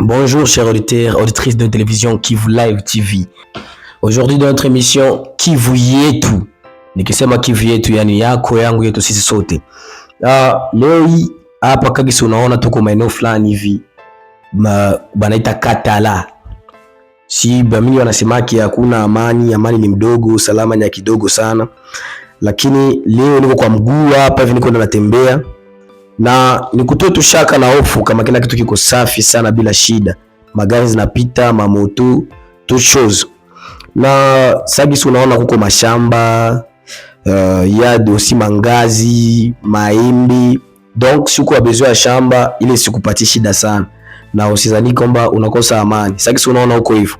Bonjour chers auditeurs, auditrices de télévision Kivu Live TV. Aujourd'hui dans notre émission Kivu yetu. Nikisema Kivu yetu yani yako yangu yetu sisi sote. Ah, leo hapa Kagisa unaona tuko maeneo fulani hivi banaita Katala. Si bamini wanasemaki hakuna amani, amani ni mdogo, usalama ni kidogo sana. Lakini leo niko kwa mguu hapa hivi niko natembea na ni nikutoe tu shaka na hofu, kama kila kitu kiko safi sana bila shida, magari zinapita, mamoto tu shows na sabisi, unaona huko mashamba uh, ya dosi mangazi maimbi donc siku ya bezo ya shamba ile sikupati shida sana, na usizani kwamba unakosa amani. Sasa Sabisi, unaona huko hivyo,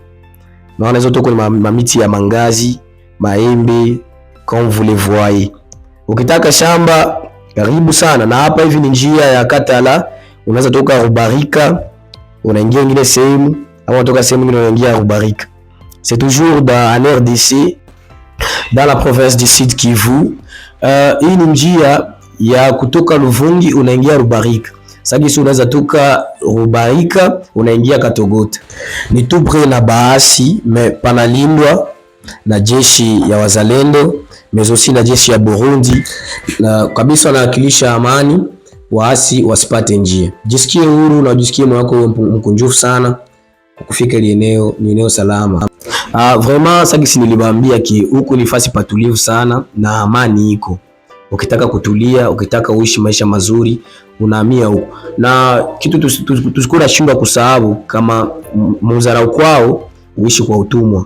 naona hizo toko ni mamiti ya mangazi maembe, comme vous le voyez. Ukitaka shamba karibu sana na hapa hivi ni njia ya Katala, unaweza toka Rubarika unaingia nyingine sehemu au unatoka sehemu nyingine unaingia Rubarika. C'est toujours dans en RDC dans la province du Sud Kivu. Euh, hii ni njia ya kutoka Luvungi unaingia Rubarika. Sagisi unaweza toka Rubarika unaingia Katogota. Ni tout près na Baasi mais panalindwa na jeshi ya wazalendo mezosi na jeshi ya Burundi na kabisa wanawakilisha amani, waasi wasipate njia. Jisikie huru na ujisikie moyo wako mkunjufu sana kufika ile eneo, ni eneo salama. Ah, vraiment sasa kisi nilibambia ki huku ni fasi patulivu sana na amani iko. Ukitaka kutulia, ukitaka uishi maisha mazuri, unahamia huko. Na kitu tusikura shindwa kusahau kama muzarau kwao uishi kwa utumwa.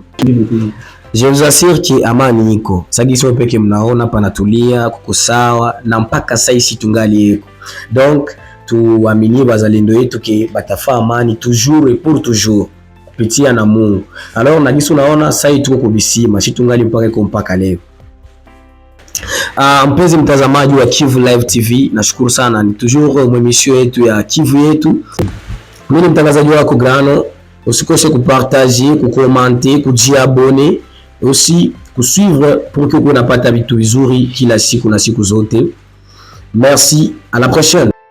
Je vous assure que amani iko sio peke, mnaona panatulia kukusawa na mpaka saisi tungali iko donc tuamini bazalendo yetu ke batafaa amani toujours et pour toujours kupitia na Mungu. Alors nagisu naona sai tuko kubisima si tungali mpaka iko mpaka leo. Uh, mpenzi mtazamaji wa Kivu Live TV, nashukuru sana, ni toujours euh, mwemisio yetu ya Kivu yetu. Mimi ni mtangazaji wako Grano Usikose kupartager, kukomante, kujiabone aussi kusuivre pour que unapata vitu vizuri kila siku na siku zote. Merci, à la prochaine.